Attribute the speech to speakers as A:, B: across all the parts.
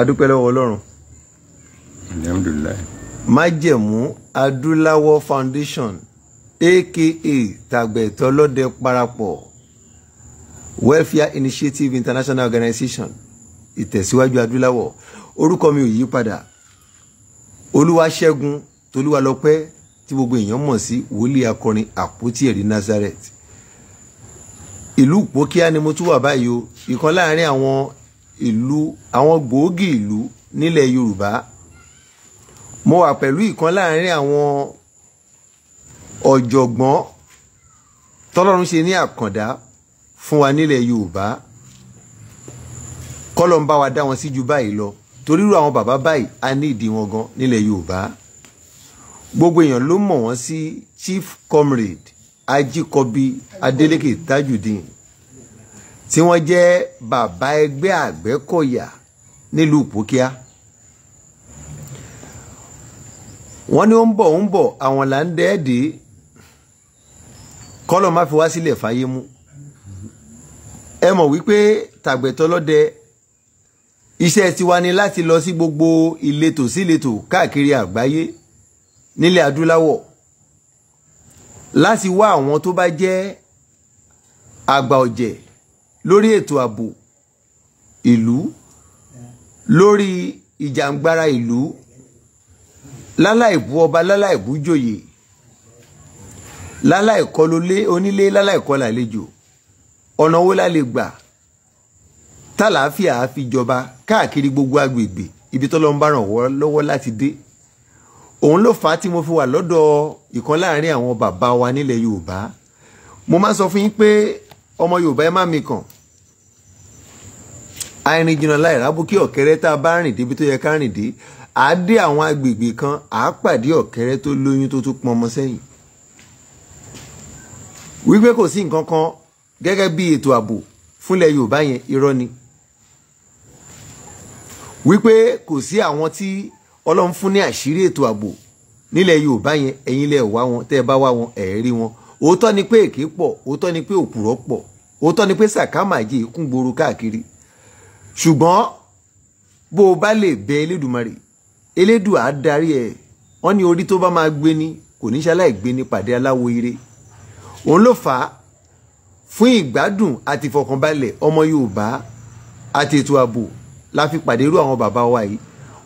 A: adúpẹ́ lọ́wọ́ ọlọ́run. alhamdulilayi. májẹ̀mú adúláwọ̀ foundation aka tàgbẹ̀tọ́lọ́dẹ parapọ̀ welfare initiative international organization ìtẹ̀síwájú adúláwọ̀ orúkọ mi ò yí padà olúwaṣẹ́gun tolúwalọ́pẹ́ tí gbogbo èèyàn mọ̀ sí wòlíì akọrin àpótí ẹ̀rí nazareth ìlú Ìpókíà ni mo tún wà báyìí o ìkan láàrin àwọn ìlú àwọn gbòógì ìlú nílẹ̀ Yorùbá mo wà pẹ̀lú ìkan láàrin àwọn ọ̀jọ̀gbọ́n tọ́lọ́run ṣe ní àkàndá fún wa nílẹ̀ Yorùbá kọ́lọ̀ ń bá wa dá wọn sí ju báyìí lọ torí irú àwọn bàbá báyìí a ní ìdí gan nílẹ̀ Yorùbá gbogbo èèyàn ló mọ̀ wọ́n sí Chief Comrade Ajíkọ̀bí Adélékè Tajudeen tí wọ́n jẹ́ bàbá ẹgbẹ́ Àgbẹ̀kọ̀yà nílùú Pòkíà wọ́n ní ó ń bọ̀ ó ń bọ̀ àwọn là ń dẹ́ẹ̀dì kọ́lọ̀ má fi wá sílẹ̀ fáyé mú ẹ mọ̀ wípé tàgbẹ̀tọ́lọ́dẹ iṣẹ́ tiwa ni láti lọ sí gbogbo ìletò síletò káàkiri àgbáyé nílẹ̀ adúláwọ̀ láti wá àwọn tó bá jẹ́ àgbà ọ̀jẹ̀ lórí ètò ààbò ìlú lórí ìjàngbara ìlú láláìbú ọba láláìbú jòyè láláìkọlólé onílé láláìkọlà àlejò ọ̀nà wo la lè gbà tàlàáfíà á fi jọba káàkiri gbogbo agbègbè ibi tó lọ ń bá ràn wọ́ lọ́wọ́ láti dé òun ló fà á tí mo fi wà lọ́dọ̀ ìkan láàrin àwọn bàbá wa nílẹ̀ Yorùbá mo máa sọ fún yín pé ọmọ Yorùbá ẹ má mi kàn àìrìn jìnnà láì rábùkí ọ̀kẹ́rẹ́ tá a bá rìn débi tó yẹ ká rìn dé à á dé àwọn agbègbè kan à á pàdé ọ̀kẹ́rẹ́ tó lóyún tó tún pọnmọ sẹ́yìn wípé kò sí nǹkan kan gẹ́gẹ́ bí ètò ààbò fúnlẹ̀ Yorùbá yẹn irọ́ ni wípé kò sí àwọn tí Ọlọ́run fún ní àṣírí ètò ààbò nílẹ̀ Yorùbá yẹn ẹ̀yin lẹ wá wọn tẹ́ ẹ bá wá wọn ẹ̀ wọn òótọ́ ni pé èké pọ̀ òótọ́ ni pé òpùrọ́ pọ̀ òótọ́ ni pé sàkámàjì kún gbòòrò káàkiri ṣùgbọ́n bó o bá lè bẹ elédùmarè elédùà darí ẹ wọ́n ní orí tó bá máa gbé ni kò ní ṣaláì gbé ni pàdé aláwo ire òun ló fà á fún ìgbádùn àti ìfọkànbalẹ̀ ọmọ Yorùbá àti ètò ààbò la fi pàdé irú àwọn bàbá wa yìí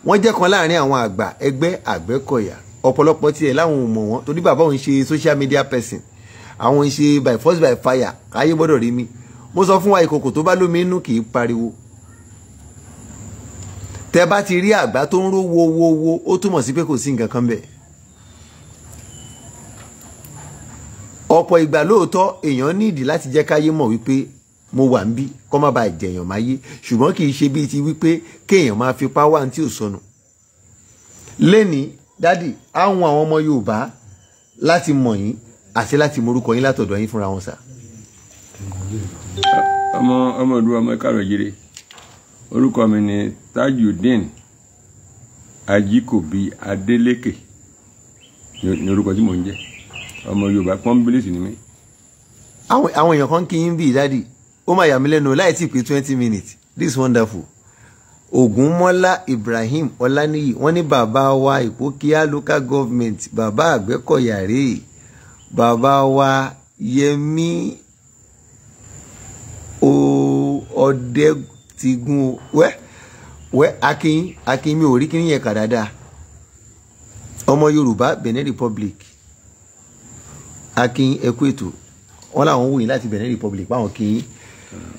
A: wọ́n jẹ́ kan láàrin àwọn àgbà ẹgbẹ́ Àgbẹ̀kọ̀yà ọ̀pọ̀lọpọ̀ tiẹ̀ láwọn ò mọ̀ wọ́n torí bàbá òun ṣe social media person àwọn ìṣe by force by fire káyé gbọ́dọ̀ rí mi mo sọ fún wa ìkòkò tó bá lómi inú kì í pariwo tẹ bá ti rí àgbá tó ń ró wo wo wo ó túmọ̀ sí pé kò sí nǹkan kan bẹ̀ ọ̀pọ̀ ìgbà lóòótọ́ èèyàn nídìí láti jẹ́ káyé mọ̀ wípé mo wà ń bí kọ́ má bàa jẹ̀yàn máyé ṣùgbọ́n kì í ṣe bíi ti wípé kéèyàn máa fipá wá ní tí ò sọnù lẹ́ni dádì àwọn àwọn ọmọ Yorùbá láti mọ̀ yín àṣẹ láti morúkọ
B: yín látọ̀dọ̀ yín fúnra wọn sà. ọmọ ọmọ ìlú ọmọ ìkàrọ̀ jire orúkọ mi ni Tajudeen Ajíkòbí Adélékè ní orúkọ tí mò ń jẹ́ ọmọ Yorùbá pọ́nbílì sí ni mí.
A: àwọn èèyàn kan kì í bí dádì ó máa yà mí lẹ́nu láì tí ì pé twenty minutes this is wonderful ògúnmọ́lá ibrahim ọláníyì wọ́n ní bàbá wa ìpókíá local government bàbá àgbẹ̀kọ̀yà rèé bàbá wa yẹmí o ọdẹ ti gún o wẹ wẹ akin akin mi ò rí kíní yẹn kà dáadáa ọmọ yorùbá benin republic akin ẹkú ètò wọn làwọn wòye láti benin republic báwọn kì í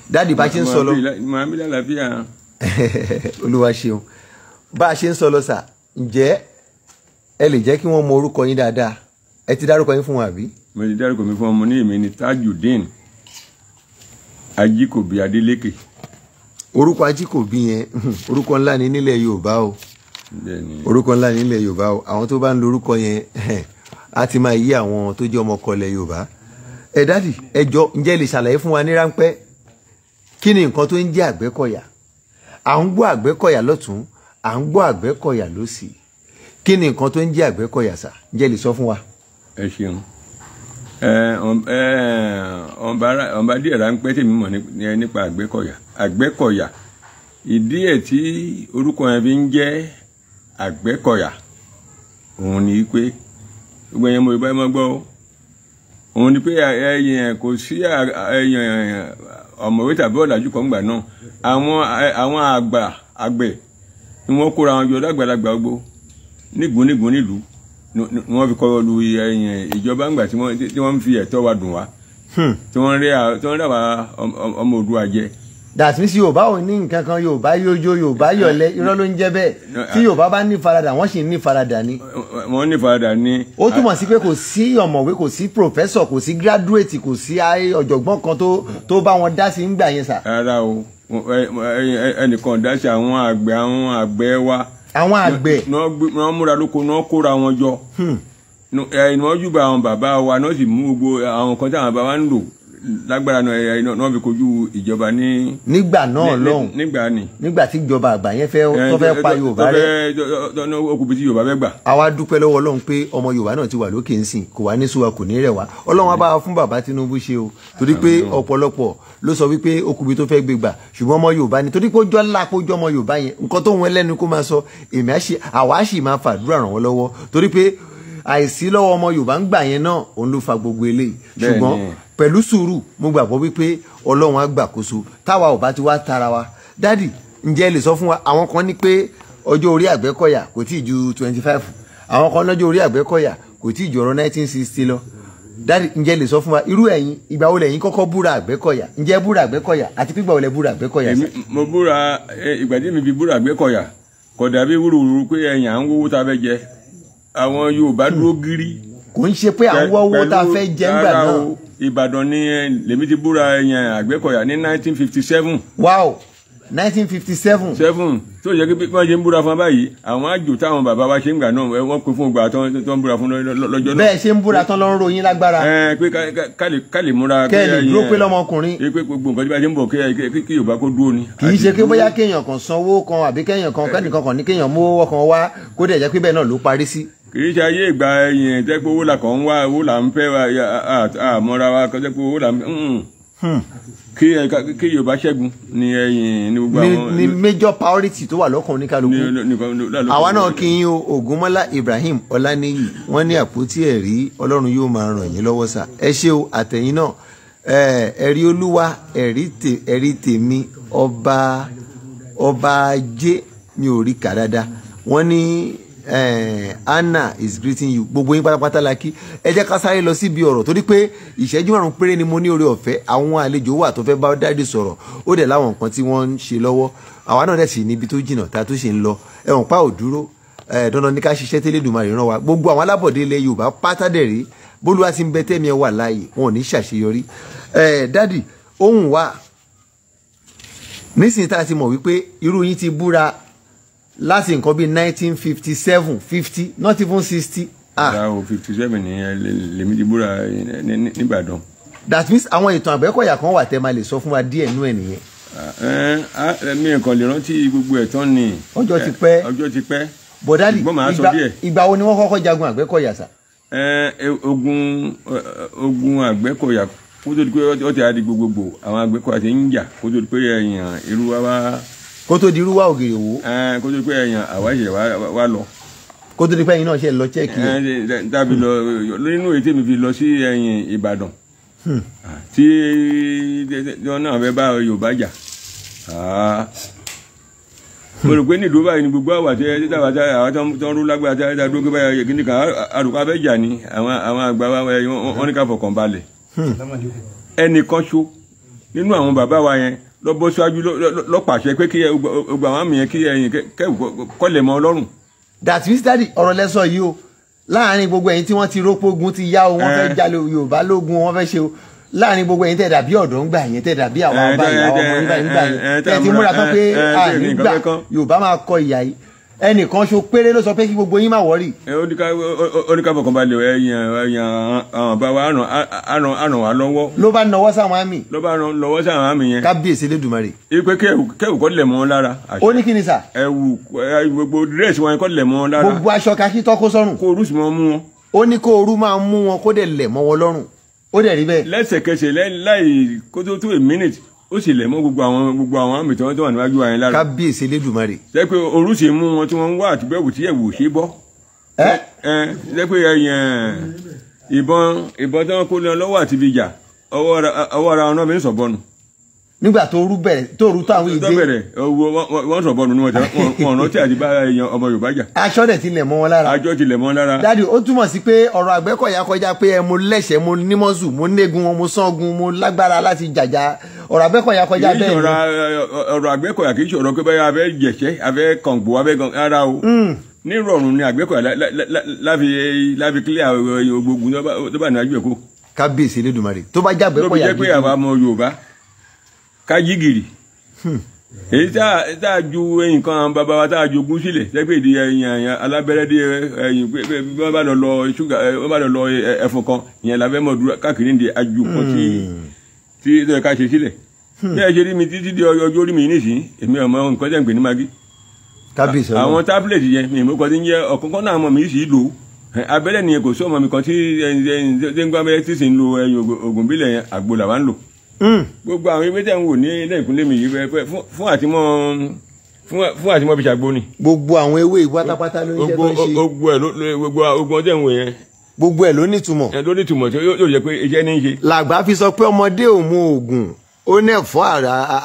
A: dáàdì bá ṣe ń sọ lọ olúwa ṣeun
B: bá a ṣe ń sọ lọ sà ǹjẹ́ ẹ lè jẹ́ kí wọ́n mọ orúkọ yín dáadáa ẹ ti dárúkọ yín fún wọn àbí. mo ti dárúkọ mi fún ọmọ ní èmi ni Tajudeen Ajíkòbí Adélékè.
A: orúkọ Ajíkòbí yẹn orúkọ ńlá ni nílẹ̀ Yorùbá o orúkọ ńlá ni nílẹ̀ Yorùbá o àwọn tó bá ń lo orúkọ yẹn á ti máa yí àwọn tó jẹ́ ọmọ kọlẹ̀ Yorùbá ẹ dádì ẹ jọ ǹjẹ́ lè ṣàlàyé fún wa ní ráńpẹ́ kí ni nǹkan tó ń jẹ́ Àgbẹ̀kọ̀yà à ń gbọ́ Àgbẹ̀kọ̀yà lọ́tún à ń gbọ́ Àgbẹ̀kọ̀yà lọ́sì kí ni nǹkan tó ń jẹ́ Àgbẹ̀kọ̀yà sà ǹjẹ́ lè sọ fún wa
B: ẹ ṣeun ọ̀nba díẹ̀ ráńpẹ́ tèmi mọ̀ nípa àgbẹ́kọ̀yà àgbẹ́kọ̀yà ìdí ẹ̀ tí orúkọ yẹn fi ń jẹ́ àgbẹ́kọ̀yà òun ni pé gbogbo ẹ̀yẹn mo ìbá ẹ̀ mọ́ gbọ́ òun ni pé ẹ̀yìn kò sí ẹ̀yìn ọ̀mọ̀wé tàbí ọ̀làjú kan gbà náà àwọn àgbà àgbẹ̀ ni wọ́n kóra wọn jọ lágbàlagbà gbogbo nígun nílùú ni wọ́n fi kọ́kọ́ lu ẹ̀yìn ìjọba ńgbà tí wọ́n fi ẹ̀tọ́ wa dùn wá hmm. tí wọ́n rí àwa ọmọ Oòduà jẹ dàtí sí yorùbá
A: ò ní nǹkan kan yorùbá yójó yorùbá yọlẹ irọ́ ló ń jẹ́ bẹ́ẹ̀ tí yorùbá bá ní faradà wọ́n sì ní
B: faradà ni. wọ́n ní faradà ni. ó túmọ̀ sí
A: pé kò sí ọ̀mọ̀wé kò sí pòfẹ́sọ̀ kò sí gírádùétì kò sí ọ̀jọ̀gbọ́n kan tó bá wọn dá sí ń gbà yẹn sà.
B: rárá o ẹnìkan dá sí àwọn àgbẹ̀ àwọn àgbẹ̀ wa àwọn àgbẹ̀. wọ́n múra lóko wọ́n kóra wọn jọ. Hmm. ẹ̀ẹ́dùn ọjọ́ bá àwọn bàbá wa náà sì mú gbogbo àwọn kan tí àwọn bàbá wa ń lò lágbára náà náà fi kojú ìjọba ní. nígbà náà lọ́hùn nígbà ni.
A: nígbà tí ìjọba àgbà yẹn fẹ́ tó fẹ́ pa eh, yorùbá rẹ.
B: tọ́nà okùnbí tí yorùbá fẹ́
A: gbà. àwa dúpẹ́ lọ́wọ́ ọlọ́run pé ọmọ yorùbá náà ti wà lókè ńsìn kò wá ní súwa kò ní rẹ̀ wá ọlọ́run á bá fún bàbá tinubu ṣe o torí pé ọ̀pọ̀lọpọ̀ ló sọ wípé okùnbí tó fẹ́ gbé gbà ṣùgbọ́n ọmọ yorùbá ni torí pé ó jọ ńlá kó jọ ọmọ yorùbá yẹn nǹkan tó wọn lẹ́nu kó máa sọ èmi àwa sì máa fàdúrà pẹ̀lú sùúrù mo gbàgbọ́ wípé ọlọ́run á gbàkóso táwa ò ti wá tara wa dádì ǹjẹ́ lè sọ fún wa àwọn kan ní pé ọjọ́ orí àgbẹ̀kọ̀yà kò tí ì ju twenty five àwọn kan lọ́jọ́ orí àgbẹ̀kọ̀yà kò tí ì ju ọ̀rọ̀ nineteen sixty lọ dádì ǹjẹ́ lè sọ fún wa irú ẹ̀yin ìgbà wo lẹ̀yin kọ́kọ́ búra àgbẹ̀kọ̀yà ǹjẹ́ búra àgbẹ̀kọ̀yà àti pígbà wo lẹ búra àgbẹ̀kọ̀yà.
B: mo búra ìgbà tí mi fi búra àgbẹ̀kọ̀yà kò dàbí wúruwúru pé ẹ̀yìn à ń wówó tá fẹ́ jẹ àwọn Yorùbá dúró gírí. kò
A: ń ṣe pé à ń wọ́wọ́ tá fẹ́ jẹ ńgbà náà
B: ìbàdàn ni eh, lèmi ti búra yẹn àgbẹ̀kọ̀yà ní nineteen fifty seven. wow nineteen fifty seven. seven tó yẹ kí wọ́n ṣe ń búra fún wa báyìí àwọn àjò táwọn bàbá wa ṣe ń gbà náà eh, wọ́n pe fún ògbà tó ń búra fún lọ́jọ́ náà. bẹ́ẹ̀ ṣe ń búra
A: tán ló ń ròyìn lágbára.
B: ẹ eh, pé ká lè múra. kẹ́lẹ̀ dúró pé lọ́mọkùnrin. pé gbogbo nǹkan tí bá ṣe ń bọ̀ kí Yorùbá kó dúró ni. kì í ṣe pé bóyá
A: kéèyàn kan sanwó kan àbí kéèyàn kan kẹ́nìkan kan ní kéèyàn mówó kan wá kó dẹ̀ jẹ́ pé bẹ́ẹ̀ náà ló
B: parí sí kì í ṣe ayé ìgbà ẹ̀yìn tẹ́ pé owó là kàn ń wá owó là ń fẹ́ àmọ́ra wa tẹ́ pé owó là ń hmm. Hmm. kí kí Yorùbá ṣẹ́gun ni ẹ̀yìn ní gbogbo àwọn. ni major priority tó wà lọ́kàn oníkálukú àwa náà kí yín o Ògúnmọ́lá
A: Ibrahim Ọláníyì wọ́n ní àpótí ẹ̀rí Ọlọ́run yóò máa ràn yín lọ́wọ́ sà ẹ ṣé o àtẹ̀yìn náà ẹ̀rí Olúwa ẹ̀rí tèmi ọba ọba ajé mi ò dáadáa wọ́n ní. Eh, Anna is greeting you gbogbo yín pátápátá la kí ẹ jẹ́ ká sáré lọ síbi ọ̀rọ̀ torí pé ìṣẹ́jú márùn péré ni mo ní oore ọ̀fẹ́ àwọn àlejò wà tó fẹ́ bá dáàdì sọ̀rọ̀ ó dẹ̀ láwọn nǹkan tí wọ́n ń ṣe lọ́wọ́ àwa náà dẹ̀ sì níbi tó jìnnà tá a tún ṣe ń lọ ẹ̀wọ̀n pa ò dúró eh, dandan ní ká ṣiṣẹ́ tẹ́lẹ̀dùmarè ràn wá gbogbo àwọn alábọ̀dé ilẹ̀ Yorùbá pátá dẹ̀ rí bólúwa ti ń bẹ tẹ́mi ẹ wà láàyè wọn ò ní ṣàṣeyọrí eh, dáàdì ohun wa nísìnyí tá a ti mọ̀ wípé irú yín ti búra láti nǹkan bíi nineteen fifty seven fifty not even sixty.
B: ìdáhùn ah. fifty seven nìyẹn lèmi ti búra nìbàdàn.
A: that means àwọn ìtàn àgbẹ̀kọ̀yà kan wà tẹ́ máa lè sọ fún wa díẹ̀ nú ẹ̀
B: nìyẹn. mi nǹkan lè rántí gbogbo ẹ̀ tán ni. ọjọ́ ti pẹ́ ọjọ́ ti pẹ́. bọ̀dálì
A: ìgbà wo ni wọ́n kọ́kọ́ jagun àgbẹ̀kọ̀yà sà.
B: ogun ogun àgbẹ̀kọ̀yà kó tó di pé ó ti àdí gbogbogbò àwọn àgbẹ̀kọ̀yà ti ń jà kó tó di pé ẹ̀yàn irú wa wá kó tó di irú wa ògèrè wò. kó tó pé ẹyàn àwa ṣe wá lọ. kó tó
A: di pé ẹyin náà ṣe lọ chẹ́ẹ̀kì.
B: tàbí lọ nínú ètè mi fi lọ sí ẹ̀yìn Ìbàdàn hmm. tí wọn náà fẹ́ bá Yorùbá jà mo rò pé nílùú báyìí ni gbogbo àwọn àti ẹtí tàbá àwọn rú lágbára tí a dúró gbé báyìí kíní kan àrùkọ abẹ́jà ni àwọn àgbà wa wọ́n ní ká fọkàn balẹ̀ hmm. ẹnìkan ṣo nínú àwọn bàbá wa yẹn lọ́bọ́ síwájú lọ́pàṣẹ pé kí ọgbà màmí yẹn kí ẹyin kọ́lẹ̀ mọ́ ọlọ́run. that means daddy ọ̀rọ̀
A: lẹ́sọ̀ yìí o láàárín gbogbo ẹ̀yin tí wọ́n ti rópò ogun ti yá o wọ́n fẹ́ eh. jalè Yorùbá lógun wọ́n fẹ́ ṣe o láàárín gbogbo ẹ̀yin tẹ́ dàbí ọ̀dọ́ ńgbà yẹn tẹ́ dàbí àwọn ọba eh, ìyàwó ọmọ nígbà yẹn eh, tẹ́ ti múra tán pé àìnígbà Yorùbá máa kọ ìyà yìí ẹnìkan ṣo péré ló sọ pé kí gbogbo yín má wọ́rì.
B: ẹ oníkàbọ̀ kan balẹ̀ ẹ̀yàn ẹ̀yàn àwọn bàbá àràn àràn wà lọ́wọ́. ló bá nọwọ́ sáwọn àmì. ló bá nọwọ́ sáwọn àmì yẹn. kábíyèsí Elédùmarè. ipe kẹ́wù kọ́ lẹ̀ mọ́ lára. ó ní kí ni sà. ẹ̀wù gbogbo dírẹ́sì wọn kọ́ lẹ̀ mọ́ lára. gbogbo aṣọ kakí
A: tọ́kọ sọ́rùn. kó orú sì mọ́ mú wọn. ó ní kó orú máa mú wọn kó dẹ̀ lẹ̀ mọ́ wọn lọ́rùn
B: ó dẹ̀ rí bẹ́ẹ̀. lẹ́sẹ̀kẹsẹ̀ láì kó tó tó a minute ó sì lẹ̀ mọ́ gbogbo àwọn gbogbo àwọn àmì tí wọ́n tó wà níwájú wa yẹn lára. kábíyèsí elédùnmarè. ṣé pé orúṣe mú wọn tí wọ́n ń wá àtúbẹ̀wò tí ẹ̀wò ṣe bọ́. ẹ ẹ ṣé pé ìbọn ìbọn tí wọ́n kó lọ lọ́wọ́ àti ibi ìjà ọwọ́ ara ọ̀nà mi ń sọ̀bọnù
A: nígbà tó rú bẹ̀rẹ̀ tó
B: rú táwọn ìdè. bẹ̀rẹ̀ wọ́n sọ bọ́ọ̀nù níwọ̀n wọn rántí àdìbá èèyàn ọmọ Yorùbá jà. aṣọ rẹ̀ ti lẹ̀ mọ́ wọn lára. aṣọ ti lẹ̀ mọ́ wọn lára.
A: dádì ó túmọ̀ sí pé ọ̀rọ̀ Àgbẹ̀kọ̀yà kọjá pé ẹ mo lẹ́sẹ̀ mo nímọ̀sù mo négun mo sángun mo lágbára láti jàjà ọ̀rọ̀ Àgbẹ̀kọ̀yà kọjá bẹ́ẹ̀ ni.
B: ọ̀rọ̀ Àgbẹ̀kọ̀yà kì í ṣọ̀rọ̀ pé báyà abẹ́ jẹ̀ṣẹ́ abẹ́ kàngbó abẹ́ ara o hmm. nírọ̀rùn ni Àgbẹ̀kọ̀yà láfi kílẹ̀ gbogbo tó bá ní ajú ẹ̀kọ́. kábíyèsí Elédùmarè tó bá jẹ́ Àgbẹ̀kọ̀yà gidi. tó bí jẹ́ pé àwa ọmọ Yorùbá kájígìrì hmm. èyí tá a ju nǹkan bàbá wa tá a jogún sílẹ̀ sẹ́gbẹ́ ìdí ẹ̀yìn alábẹ́rẹ́ dé ẹ̀yìn bí wọ́n bá lọ lọ ṣúgà wọ́n bá lọ lọ ẹ̀fọn kan ìyẹn làbẹ́ mọ̀ dúró káàkiri ní aju kan tí hmm. tí tó yẹ ká ṣe sílẹ̀ hmm. bí ẹ ṣe rí mi títí di ọjọ́ orí mi nísìnyí èmi ọmọ nǹkan tẹ̀ ń pè ní magi àwọn tábìlẹ̀tì yẹn mi ìmọ̀kọ́ ti ń jẹ́ ọ̀kọ̀ọ̀kan náà mọ̀ mí sì lò ó abẹ́rẹ́ nìyẹn kò sí ọmọ mi kan tí ẹni tí ń gbọ́ abẹ́rẹ́ tí sì ń lo oògùn bílẹ̀ àgbo làwa ń lò Hmm. gbogbo àwọn ewé tẹ̀ ń wò ní lẹ́yìnkúnlé mi yìí bẹ́ẹ̀ fún àtìmọ́ fún àtìmọ́ fi ṣàgbo ni.
A: gbogbo àwọn ewé pátápátá ló ń jẹ́ tó ń ṣe.
B: gbogbo ẹ̀ ló gbogbo ogun ọdẹ ń wò yẹn. gbogbo ẹ̀ ló nítumọ̀. ẹ ló nítumọ̀ tí yóò jẹ́ pé iṣẹ́ ní í ṣe.
A: làgbà fi sọ pé ọmọdé ò mu oògùn ó ní ẹ̀fọ́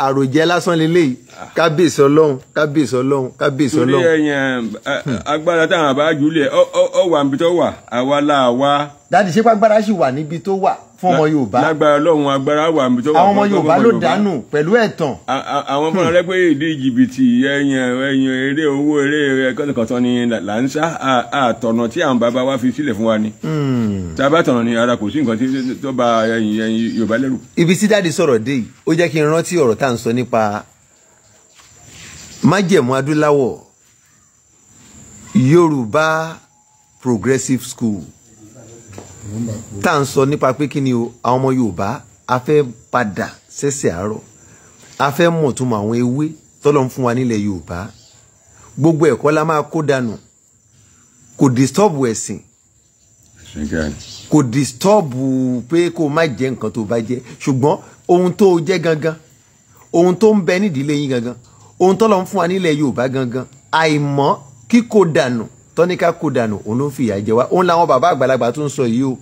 A: àròjẹ lásán lélẹ́yìí kábíyèsí ọlọ́run kábíyèsí ọlọ́run kábíyèsí ọlọ́run. torí
B: ẹ̀yìn eh, agbára táwọn àbájú lẹ̀ ọ wà níbi tó wà àwa là wá dáàdì ṣé pàgbára sì wà níbi tó wà fún ọmọ yorùbá lágbára ọlọ́run agbára wà níbi tó wà fún ọmọ yorùbá ló dànù
A: pẹ̀lú ẹ̀tàn.
B: àwọn ọmọ rẹ pé èdè jìbìtì ẹyìn ẹyìn eré owó eré ẹkọ́nìkọ̀tàn ni là ń sá àtọ̀nà tí àwọn bàbá wa fi sílẹ̀ fún wa ni. Hmm. tá a bá tọ̀nà ni ara kò sí nǹkan tó bà ẹyìn ẹyìn yorùbá lẹ́rù. ibi tí dáàdì sọ̀rọ̀ dé yìí ó jẹ́ kí n rántí ọ̀rọ̀
A: tá progressive school tá à sọ nípa pé kí ni o àwọn ọmọ Yorùbá a fẹ́ padà sẹ́sẹ̀ àárọ̀ a fẹ́ mọ̀ tó mọ àwọn ewé tọ́lọ́ ń fún wa nílẹ̀ Yorùbá gbogbo ẹ̀kọ́ la máa kó dànù kò disturb ẹ̀sìn kò disturb pé kó má jẹ nǹkan tó bá jẹ ṣùgbọ́n ohun tó jẹ́ gangan ohun tó ń bẹ nídìílé yín gangan ohun tọ́lọ́ ń fún wa nílẹ̀ Yorùbá gangan àìmọ̀ kíkó dànù tọ́níkà kò dànù òun ló ń fìyà jẹ wá òun làwọn bàbá àgbàlagbà tó ń sọ yìí o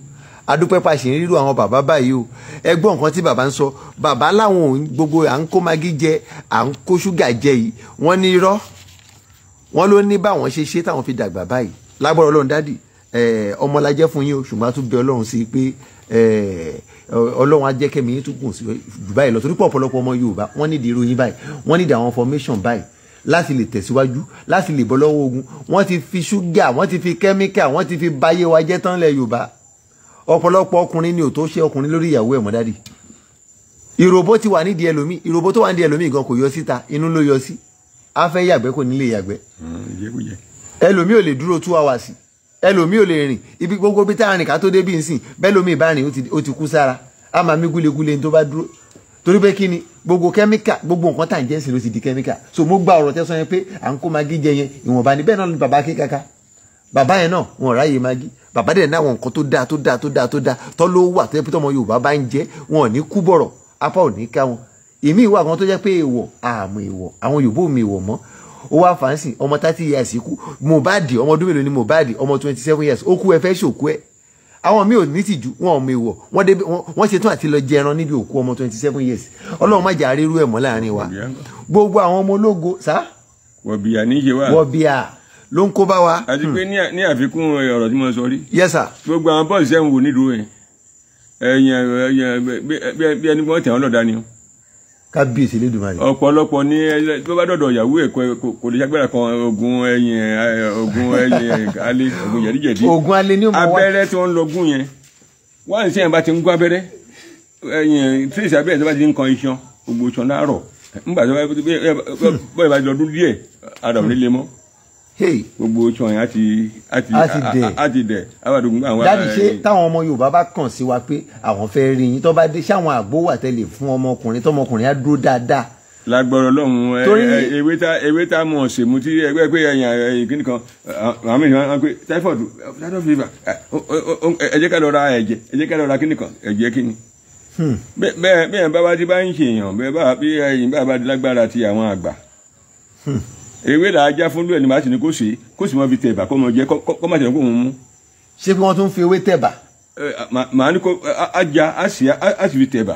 A: adúpẹ́ pàṣẹ rírú àwọn bàbá báyìí o ẹ gbọ́ nǹkan tí bàbá ń sọ bàbá láwọn gbogbo à ń kó magi jẹ à ń kó ṣúgà jẹ yìí wọ́n ní irọ́ wọ́n ló ní báwọn ṣe ṣe táwọn fi dàgbà báyìí lágbára ọlọ́run dádì ọmọ la fún yín o ṣùgbọ́n a tún bẹ ọlọ́run sí pé ọlọ́run á jẹ́ kẹ́mi yín tún gùn sí báyìí lọ torí ọ̀pọ̀lọpọ̀ ọmọ yorùbá wọ́n nídìí irú yín báyìí wọ́n nídìí àwọn formation báyìí láti lè tẹ̀síwájú láti lè bọ́ lọ́wọ́ ogun wọ́n ti fi ṣúgà wọ́n ti fi kẹ́míkà wọ́n ti fi báyé wa jẹ́ tán lẹ̀ Yorùbá ọ̀pọ̀lọpọ̀ ọkùnrin ni ò tó ṣe ọkùnrin lórí ìyàwó ẹ̀ mọ́ dádì ìròbó ti wà nídìí ẹlòmíì ìròbó tó wà nídìí ẹlòmíì gan kò yọ síta inú ló yọ sí á fẹ́ yàgbẹ́ kò nílé yàgbẹ́ ẹlòmíì ò lè dúró two hours ẹlòmíì ò lè rìn ibi gbogbo bí tá a rìn ká tó dé bí nsìn bẹ́ẹ̀ lómi ìbá rìn ó ti kú sára á máa mí gúlegúle ní tó bá dúró torí pé kí ni gbogbo kẹ́míkà gbogbo nǹkan tá à ń jẹ́ sí ló di kẹ́míkà so mo gba ọ̀rọ̀ tẹ́sán yẹn pé à ń kó magi jẹ yẹn ìwọ̀nba ni bẹ́ẹ̀ náà ni bàbá ké kaka bàbá yẹn náà wọn ráyè magi bàbá dẹ̀ náà wọn nǹkan tó dáa tó dáa tó dáa tó dáa tọ́ ló wà tó yẹ pé tọmọ Yorùbá bá ń jẹ wọn ò ní kú bọ̀rọ̀ apá ò ní ká wọn èmi ìwà kan tó jẹ́ pé èèwọ̀ àmọ́ èèwọ̀ àwọn Yorùbá mi èèwọ̀ mọ́ ó wá fàánsì ọmọ thirty years kú Mohbad ọmọ ọdún mélòó ni Mohbad ọmọ twenty seven years ó kú ẹ fẹ́ ṣòkú ẹ̀ àwọn mi ò ní tìjú wọn ò mi wọ̀ wọ́n dé wọ́n ṣe tún àti lọ jẹ ẹran níbi òkú ọmọ twenty seven years ọlọ́run má jà rírú ẹ̀ mọ́ láàrin wa gbogbo àwọn ọmọ
B: ológo sá. wọ̀bìà níye wa wọ̀bìà ló ń kó bá wa. àti pé ní àfikún ọ̀rọ̀ tí mo sọ rí. yes sir. gbogbo àwọn bọ́ọ̀lù sẹ́wọ̀n wò nídùú ẹ̀ ẹ̀yìn bí ẹni wọ́n tẹ̀ wọ́n ni o
A: kábíyèsí lédùmarè.
B: ọ̀pọ̀lọpọ̀ ni tó bá dọ̀dọ̀ ìyàwó ẹ̀ kò lè ṣàgbéra kan oògùn ẹyin oògùn ẹyin alẹ́ oògùn jẹ̀díjẹ̀dí. oògùn alẹ́ ni o mọ wá. abẹ́rẹ́ tí wọ́n lọ gún yẹn wọ́n ṣe yẹn bá ti ń gún abẹ́rẹ́ ẹyin tí ìṣe abẹ́rẹ́ tó bá ti ń kan iṣan gbogbo iṣan láàárọ̀ nígbà tó bá yẹ bá ti lọ dún díẹ̀ ara ò ní le mọ́ gbogbo oṣù ọ̀yàn á ti dẹ̀ abàdùnkún àwọn. dáàbì ṣé
A: táwọn ọmọ Yorùbá bá kàn sí wa pé àwọn fẹ́ rí yín tó bá dé ṣáwọn àgbo wà tẹ́lẹ̀ fún ọmọkùnrin tọmọkùnrin á dúró dáadáa.
B: lágbọ́rọ̀ Ọlọ́run ewé tá ewé tá mọ̀ ṣe mu tí ẹgbẹ́ pé ẹ̀yìn ẹ̀yìn kìíní kan àwọn wọn pé typhoid typhoid fever ẹ ká lọ ra ẹ̀jẹ̀ ẹ ká lọ ra kìíní kan ẹ̀jẹ̀ kìíní hmm. bẹ́ẹ̀ bẹ́ẹ̀ bá bá ti bá ń ṣèyàn bẹ́ẹ̀ bá bí ẹ̀yìn bá bá lágbára ti àwọn àgbà hmm ewé là já fún lóyè ni màá sì ní kó ṣe kó sì mọ fi tẹ̀bà kó mọ jẹ kó má tẹ̀lé kó mọ mú. ṣé bí wọ́n tún fi ewé tẹ̀bà. màá ní kó ajá á sì á sì fi tẹ̀bà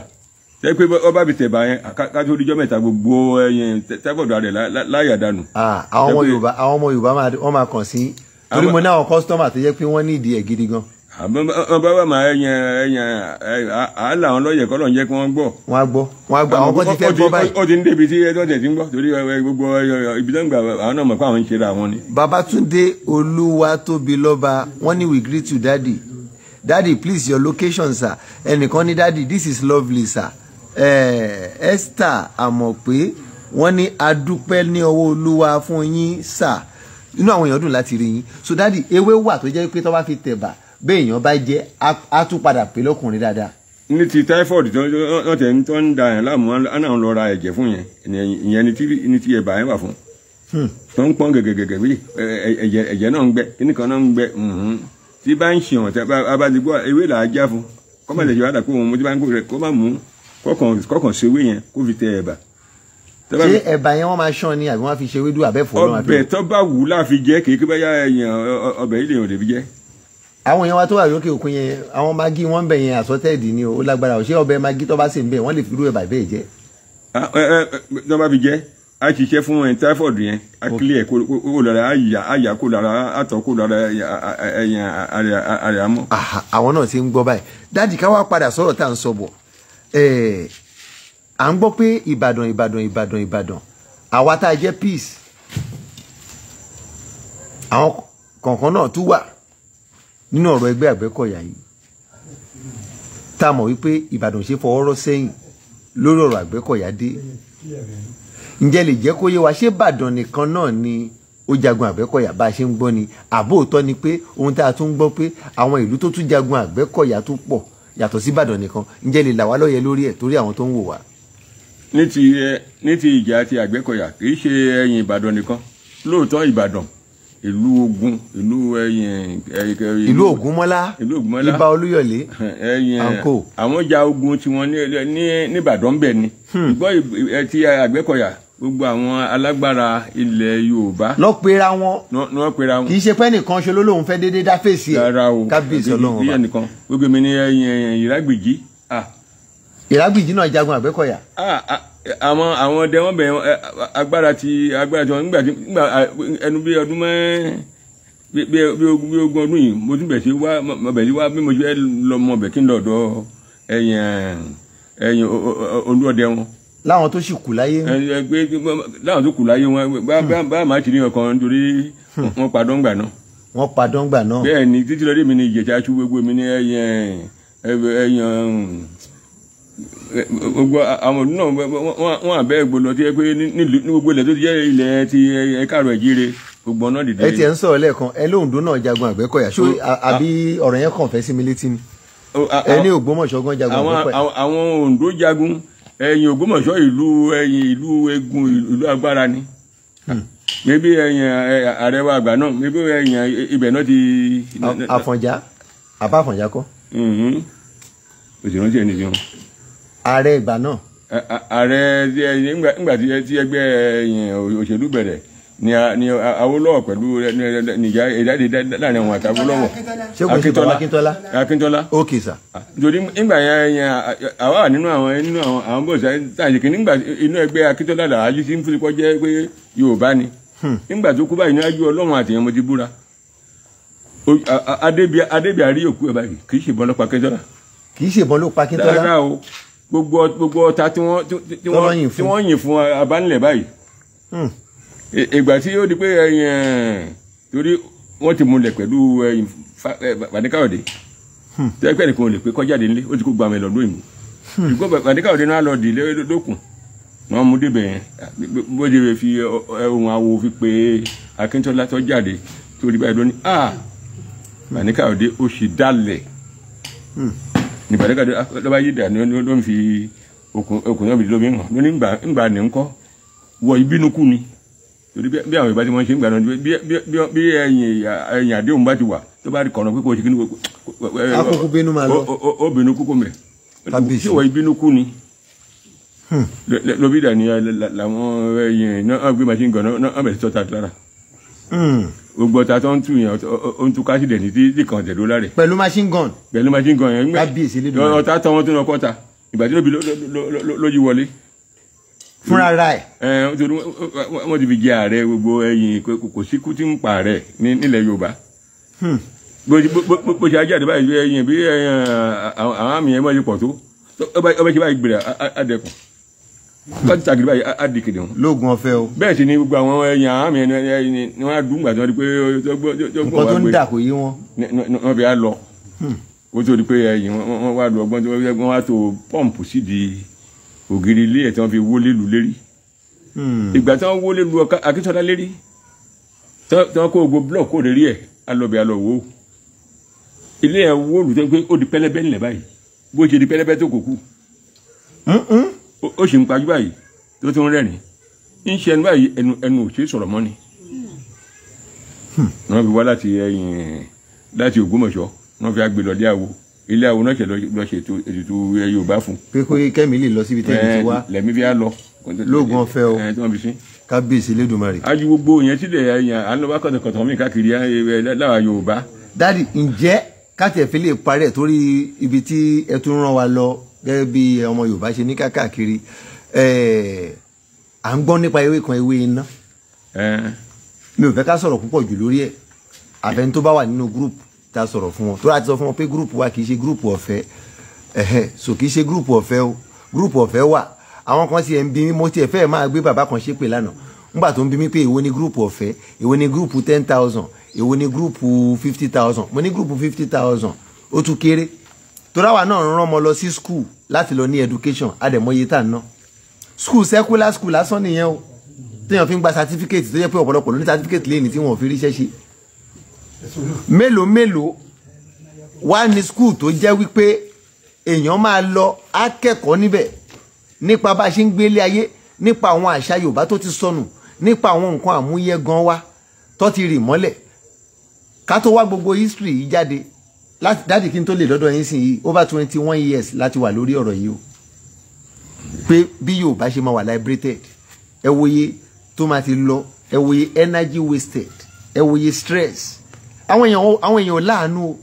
B: ṣé pé ọba fi tẹ̀bà yẹn ká tó díjọ́ mẹ́ta gbogbo ẹyẹn tábọ̀dọ̀ rẹ̀ láyà dànù. àwọn ọmọ Yorùbá
A: àwọn ọmọ Yorùbá wọ́n máa kàn sí torí mo
B: ní àwọn kọ́sítọ́mà tó jẹ́ pé wọ́n ní ìdí ẹ̀ gidi gan bàbá màá ẹyàn ẹyàn àálà àwọn lọ́yẹ̀ kọ́ lọ́n jẹ́ kí wọ́n gbọ́. wọ́n gbọ́ wọ́n gbọ́ àwọn kan ti gbọ́ báyìí. ó ti ń débi tí ẹjọ́ tẹ̀ ti ń gbọ́ torí gbogbo ibi àwọn náà mọ̀ pé àwọn ń ṣe ra wọn ni. Babatunde Olúwatóbilọ́ba
A: wọ́n ní we greet you daddy daddy please your location sir ẹnìkan ní daddy this is lovely sir eh, Esther Àmọ̀pé wọ́n ní adúpẹ́ ní ọwọ́ Olúwa fún yín sir inú àwọn èèyàn dùn láti rí yín so daddy ewé wà tó jẹ́ pé tó bá fi tẹ̀ bá béèyàn bá jẹ́ á tún padà pé lọ́kùnrin dáadáa.
B: ní ti typhoid tó ń tẹ̀ ń tọ́ ń da yẹn láàmú àná ń lọ ra ẹ̀jẹ̀ fún yẹn ìyẹn ni ti ẹ̀bà yẹn wà fún hmm. tó ń pọ́n gẹ̀gẹ̀gẹ̀ bí ẹ̀jẹ̀ náà ń gbẹ kíní kan náà ń gbẹ tí bá ń ṣìwọ̀n tí a bá ti gbọ́ ewé là á já fún kọ́ má lè ṣe wàdà kó wọn mo ti bá ń kó rẹ̀ kó má mú kọ́kàn ṣe ewé yẹn kó fi tẹ ẹ̀bà ṣé ẹ̀bà yẹn wọ́n máa ṣán ni àbí wọ́n fi ṣe wédú àbẹ́fọ́ náà. ọbẹ̀ tó bá wù ú láfi jẹ́ kéèké bá yá ẹyàn ọbẹ̀ yìí lèèyàn lè fi jẹ́
A: àwọn èèyàn wa tó wà lókè òkun yẹn àwọn magi wọn bẹ yẹn assorted ni o ó lágbára ọ̀ṣẹ́ ọbẹ̀ magi tó bá sì ń bẹ̀ wọ́n lè fi rú ẹ̀ bàbá ẹ̀ jẹ́.
B: Ah, eh, eh, eh, tó bá fi jẹ́ a ṣiṣẹ́ fún typhoid yẹn a clear kó lára àyà àyà kó lára àtọ̀ kó lára ẹ̀yìn àrẹ̀ àmọ́. àwọn náà ti ń gbọ́ báyìí dáàdì ká wá padà sọ̀rọ̀ tá à ń sọ bọ̀
A: à ń gbọ́ pé ìbàdàn ìbàdàn ìbàdàn ìbàdàn àwa tá a jẹ́ peace àwọn kọ̀ọ̀kan náà tún wà nínú ọ̀rọ̀ ẹgbẹ́ Àgbẹ̀kọ̀yà yìí tá a mọ̀ wípé Ìbàdàn ṣe fọwọ́ rọ́ sẹ́yìn lórí ọ̀rọ̀ Àgbẹ̀kọ̀yà dé ǹjẹ́ lè jẹ́ kó yé wa ṣé Ìbàdàn nìkan náà ni ó jagun Àgbẹ̀kọ̀yà bá a ṣe ń gbọ́ ni àbóòtọ́ ni pé ohun tá a tún gbọ́ pé àwọn ìlú tó tún jagun Àgbẹ̀kọ̀yà tó pọ̀ yàtọ̀ sí Ìbàdàn nìkan ǹjẹ́ lè là wá lóye lórí ẹ̀ torí àwọn tó ń wò wá.
B: ní ti ìjà ti Àgbẹ̀kọ̀yà kì í ṣe ẹ̀yìn Ìbàdàn nìkan lóòótọ́ Ìbàdàn ìlú Ògùn ìlú ẹyìn ìlú Ògúnmọ́lá ìlú Ògúnmọ́lá Ìbà Olúyọ̀lé eh, àǹkó. àwọn ja ogun tiwọn ní Ìbàdàn bẹ̀ ni ìgbọ́ hmm. ti eh, Àgbẹ̀kọ̀yà gbogbo àwọn alágbára ilẹ̀ Yorùbá. lọ pera wọn lọ pera wọn. kì í ṣe pé nìkan ṣe lólóhùn fẹ́ déédéé dá fèsì ẹ̀ kábíyèsí ọlọ́run ọba. nìkan gbogbo mi ni eh, ẹyìn ìrágbìjí. Ah. ìrágbìjí náà jagun Àgbẹ̀kọ̀yà. Ah, ah àwọn àwọn ọdẹ wọn bẹ agbára ti agbára ti wọn nígbà tí nígbà ẹnu bí ọdún mẹ bí ogún bí ogún ọdún yìí mo tún bẹ̀ sí wá mo bẹ̀ sí wá bí mo ṣe lọ mọ bẹ̀ kí n lọ dọ ẹ̀yìn ẹ̀yìn olúọdẹ wọn. láwọn tó sì kù láyé. ẹ pé láwọn tó kù láyé wọn bá bá hmm. máa ti ní ọkàn nítorí hmm. wọn padà ń gbà náà. wọn padà ń gbà náà. bẹ́ẹ̀ ni títí lọdẹ mi ni ìjẹta aṣọ gbogbo mi ni ẹ̀yìn ẹ̀yìn gbogbo àwọn ọdún náà wọn àbẹ́ ègbò lọ tí ẹ pé ní gbogbo ilẹ̀ tó ti jẹ́ ilẹ̀ ti ẹ̀kárọ̀ ẹ̀jíire gbogbo ọ̀nà dìde. ẹ ti ẹ ń
A: sọ̀rọ̀ lẹ́ẹ̀kan ẹ lóhùndó náà jagun àgbẹ̀kọ̀yà ṣó àbí ọ̀rọ̀ yẹn kàn fẹ́ sí mi létí ni ẹ ní Ògbómọ̀ṣọ́ gan jagun àgbẹ̀kọ̀yà.
B: àwọn Oǹdó jagun ẹ̀yìn Ògbómọ̀ṣọ́ ìlú ẹ̀yìn ìlú egun ìlú agbára ni mébí hmm. ẹ̀yìn àrẹwà àgbà náà mébí ẹ̀yìn ibẹ̀ náà ti. Àfọ̀njá àbá Àfọ̀njá kọ́. òṣèré ń tiẹ̀ níbi wọn.
A: ààrẹ ìgbà náà.
B: ààrẹ nígbà ti ẹgbẹ́ òṣèlú bẹ̀rẹ̀ ni awolowo pẹ̀lú nìjà ìdáde láàrin àwọn àti Awólọ́wọ̀ Akíntọ́lá Akíntọ́lá ok sir. Ah, jòdì yẹn àwa wà nínú àwọn nínú àwọn àwọn bọ̀sà nígbà inú là ájú sí ń pé Yorùbá ni hmm. tó kú báyìí ní ájú Ọlọ́run rí òkú ẹ̀ báyìí kì í ló pa kì í gbogbo gbogbo ọta tí wọ́n tí wọ́n yìn fún abánilẹ̀ báyìí hmm. e- ìgbà tí ó di pé eh, torí wọ́n ti múlẹ̀ pẹ̀lú eh, Fani-Káyọ̀dé eh, hmm. tẹ́gbẹ́ nìkan ò pé kọ́jáde nílé ó ti kó gba àmì lọ́dún ìbò ìgbọ́ fani náà lọ dì lókun náà mú débẹ̀ yẹn bó débẹ̀ fi ohun awo fi pé Akíntọ́lá tó jáde torí báyìí lónìí Fani-Káyọ̀dé ah! ó sì dálẹ̀. Hmm nígbà tó lọ́ba yí dà ló ń fi okùn náà fi lómi hàn ló ní ngbà ní ńkọ́ wọ ìbínú ni torí bí àwọn ìbá tí wọ́n ṣe ń gbà náà bí ẹ̀yìn àdéhùn bá ti wà tó bá rí kọ̀nà pípọ̀ ṣe kí ni. akókó bínú máa lọ. ó bínú kú kò mẹ́ ṣé wọ ìbínú kú ni lóbi dà ní làwọn ẹ̀yìn náà gbé machine gun náà bẹ̀ sí tọ́ta lára. Hmm. gbogbo ọta tó ń tu yẹn ó ń tu káṣí dẹ̀ ní tí kàn tẹ̀ ló láre. pẹ̀lú machine gun. pẹ̀lú machine gun yẹn. kábíyèsí lè dùn. ọta tán wọn tó lọ kọ́ta ìgbà tí lóbi ló yí wọlé. fúnra ra ẹ. ẹ wọn ti fi jẹ ààrẹ gbogbo ẹ̀yin kò sí kú tí ń pa ààrẹ nílẹ̀ Yorùbá hmm. bó ṣe ajá àdébá ẹ̀yin bí àwọn àmì yẹn mọ̀ ẹ́ pọ̀ tó ọba ṣe báyìí gbèrè àdẹkùn bá ti ṣàgídí báyìí á di kìnìún. lóògùn ọ̀fẹ́ o. bẹ́ẹ̀ sì ni gbogbo àwọn ẹ̀yàn àmì ẹni ni wọ́n á dùn gbà tí wọ́n di pé. nǹkan tó ń dà kò yé wọn. wọ́n fi á lọ hmm. ó tó di pé ẹ̀yìn wọ́n wá lu ọgbọ́n tí wọ́n wá tó pọ́ǹpù sídìí ògiri ilé ẹ̀ tí wọ́n fi wọlé lu lérí. Hmm. ìgbà tí wọ́n wọlé lu Akíntọ́lá lérí tí wọ́n kó gbogbo blọọkù kó lérí ẹ̀ alọ́bẹ̀ alọ́ wò ó ilé ẹ̀ wó olùtẹ́ pé ó di pẹ́lẹ́bẹ́ ńlẹ̀ báyìí bó ṣe di pẹ́lẹ́bẹ́ tó kò kù ó sì ń pajú báyìí tó ti ń rẹ́rìn ń ṣe ẹnu báyìí ẹnu ẹnu ò ṣe é sọ̀rọ̀ mọ́ ni hmm. Hmm. wọ́n fi wá láti ẹ̀yìn láti Ògbómọ̀ṣọ́ wọ́n fi agbè lọ́dí àwo ilé àwo náà ṣe lọ ṣe ètùtù Yorùbá fún. pé kó
A: kẹ́mi lè lọ síbi tẹ́lẹ̀ ti wá
B: lẹ́mí fi á lọ. lóògùn ọ̀fẹ́ o kábíyèsí lẹ́dùnmarè. aju gbogbo yẹn sílẹ̀ ẹ̀yàn alọ́wà kọ̀tọ̀kọ̀tọ̀ mi káàkiri láwa Yorùbá.
A: dádì ǹjẹ́ káàtì ẹ̀fẹ́ lè parẹ́ torí ibi tí ẹ tún rán wa lọ gẹ́gẹ́ bí ọmọ Yorùbá ṣe ní káàkiri à ń gbọ́ nípa ewé kan ewé iná mi ò fẹ́ ká sọ̀rọ̀ púpọ̀ jù lórí ẹ̀ àfẹn tó bá wà nínú gúrùpù tá a sọ̀rọ̀ fún wọn tó láti sọ fún wọn pé gúrùpù wa kì í ṣe gúrùpù ọ̀fẹ́ ẹ̀hẹ́ so kì í ṣe gúrùpù ọ̀fẹ́ o gúrùpù ọ̀fẹ́ wà àwọn kan tiẹ̀ ń bí mo tiẹ̀ fẹ́ máa gbé bàbá kan ṣépè lánàá nígbà tó ń bí mi pé èwo ni gúrùpù ọ̀fẹ́ èwo ni gúrùpù ten thousand èwo ni gúrùpù fifty thousand mo ní gúrùpù fifty thousand ó tún kéré torí àwa náà rán ọmọ lọ sí school láti lọ ní education àdèmọye tá à ná school secular school lásán nìyẹn o téèyàn fi ń gba certificate tó yẹ pé ọ̀pọ̀lọpọ̀ ló ní certificate lẹ́yìn tí wọ́n fi ríṣẹ́ ṣe mélòó mélòó wá ní school tó jẹ́ wípé èèyàn máa lọ akẹ́kọ̀ọ́ níbẹ̀ nípa bá a ṣe ń gbélé ayé nípa àwọn àṣà Yorùbá tó ti sọnù nípa àwọn nǹkan àmúyẹ gan wa tó ti rì mọ́lẹ̀ ká tó wá gbogbo history yìí jáde láti dáàdì kí n tó lè lọ́dọ̀ yín sìn yìí over twenty one years láti wà lórí ọ̀rọ̀ yìí o pé bí Yorùbá ṣe máa wà liberated ẹ wòye tó máa ti lọ ẹ wòye energy wasted ẹ wòye stress àwọn èèyàn àwọn èèyàn láàánú o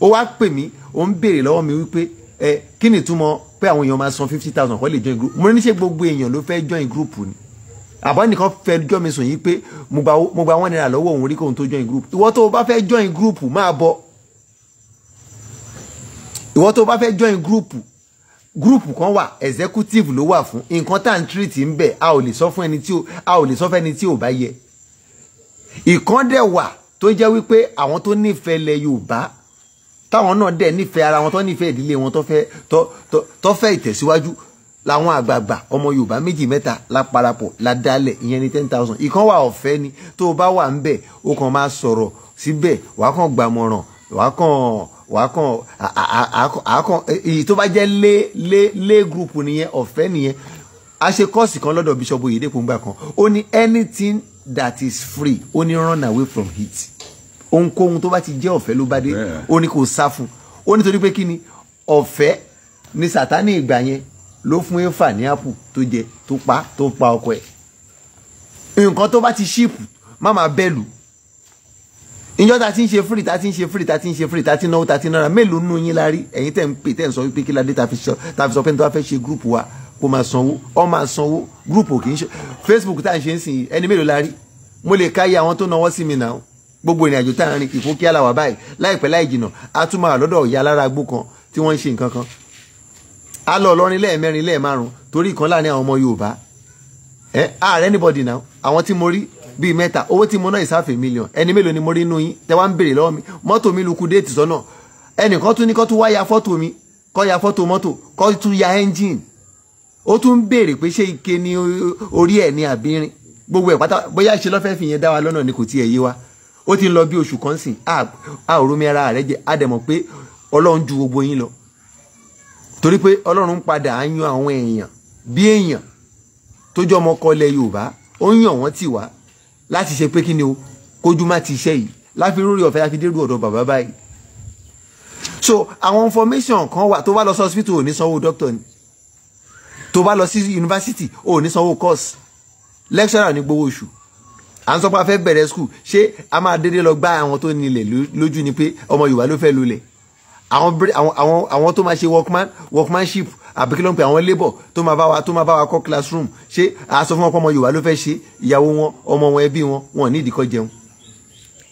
A: ó wá pè mí ó ń béèrè lọ́wọ́ mi wípé ẹ kí ni ìtumọ̀ pé àwọn èèyàn máa san fifty thousand kó lè join group mo ní ṣe gbogbo èèyàn ló fẹ́ join group ni àbá nìkan fẹ́ jọ́ mi sùn yìí pé mo gba one naira lọ́wọ́ òun rí kóun tó join group ìwọ tó o bá fẹ́ join group máa bọ̀ ìwọ tó bá fẹ́ join gúrùpù gúrùpù kan wà executive ló wà fún nǹkan tá à ń treat ń bẹ̀ a ò lè sọ fún ẹni tí a ò lè sọ fún ẹni tí ò bá yẹ ìkan dẹ̀ wà tó jẹ́ wípé àwọn tó nífẹ̀ẹ́ lẹ Yorùbá táwọn náà dẹ̀ nífẹ̀ẹ́ ara wọn tó nífẹ̀ẹ́ ìdílé wọn tó fẹ́ ìtẹ̀síwájú làwọn àgbààgbà ọmọ Yorùbá méjì mẹ́ta la parapọ̀ la dálẹ̀ ìyẹn ní ten thousand ìkan wà ọ̀fẹ́ ni tó o bá wà ń bẹ̀ o kàn máa sọ̀rọ̀ wàá kàn àákàn èyí tó bá jẹ́ lé lé lé group nìyẹn ọ̀fẹ́ nìyẹn a ṣe kọ́ọ̀sì kan lọ́dọ̀ bíṣọ̀bù Oyèdèpọ̀ ńgbà kan ó ní anything that is free ó ní run away from it ohunkóhun tó bá ti jẹ́ ọ̀fẹ́ ló bá dé ó ní kò sá fún ó nítorí pé kí ni ọ̀fẹ́ ni sátánì ìgbà yẹn ló fún Éfà ní àpù tó jẹ tó pa tó pa ọkọ ẹ̀ nǹkan tó bá ti ṣíìpù má máa bẹ́ẹ̀ lù ìjọ ta ti ń ṣe free ta ti ń ṣe free ta ti ń ṣe free ta ti náwó ta ti nára mélòó nù yín la rí ẹ̀yin tẹ̀ ń pè tẹ̀ ń sọ wípé kí ládé ta fi sọ pé ní tó fẹ́ ṣe group wa kó máa sanwó ọ máa sanwó group ò kì í ṣe Facebook tá à ń ṣe ń sìn ẹni mélòó la rí mo lè káyé àwọn tó náwó sí mi náà gbogbo ìrìn àjò tá à ń rìn ìfókí àlàwà báyìí láìpẹ́ láì jìnà a tún máa lọ́dọ̀ ìyá alára agbó kan tí wọ́n ń ṣe nǹkan kan a lọ Ọlọ́rin lẹ́ẹ̀mẹ́rin lẹ́ẹ̀márùn anybody náà àwọn tí mo rí bíi mẹ́ta owó tí mo ná ìsáfè mílíọ̀n ẹni mélòó ni mo rí inú yín tẹ wá ń béèrè lọ́wọ́ mi mọ́tò mi lukú déètì sọ́nà ẹnìkan tún ní kó tún wá ya fọ́tò mi kó ya fọ́tò mọ́tò kó tún ya ẹ́ńjìn ó tún ń béèrè pé ṣé ike ni orí ẹ̀ ní àbírin gbogbo ẹ̀ pátá bóyá ṣe lọ́fẹ́ fi yẹn dá wa lọ́nà ni kò tiẹ̀ yé wa ó ti ń lọ bí oṣù kan sìn a ò rómi ara rẹ jẹ a dẹ̀ mọ̀ pé ọlọ́run ju gbogbo yín lọ torí pé ọlọ́run padà á yan àwọn èèyàn bí èèyàn tó jọ ọmọ kọlẹ̀ yorùbá ó ń yàn wọ́n tì wá láti ṣe pé kí ni o kójú má ti ṣe yìí láfi rúurì ọ̀fẹ́ láfi dérú ọ̀dọ̀ bàbá báyìí so àwọn information kan wà tó bá lọ sí hospital ò ní sanwó doctor ni tó bá lọ sí university ò ní sanwó course lecturer ní gbowó oṣù à ń sọ pé a fẹ́ bẹ̀rẹ̀ school ṣé a máa dédé lọ gbá àwọn tó nílẹ̀ lójú ni pé ọmọ Yorùbá ló fẹ́ lulẹ̀ àwọn àwọn àwọn tó máa ṣe workman workmanship àbí kí ló ń pe àwọn labour tó máa bá wa tó máa bá wa kọ́ classroom ṣé àásọ fún wọn pé ọmọ Yorùbá ló fẹ́ ṣe ìyàwó wọn ọmọ wọn ẹbí wọn wọn ní ìdíkọ́ jẹun.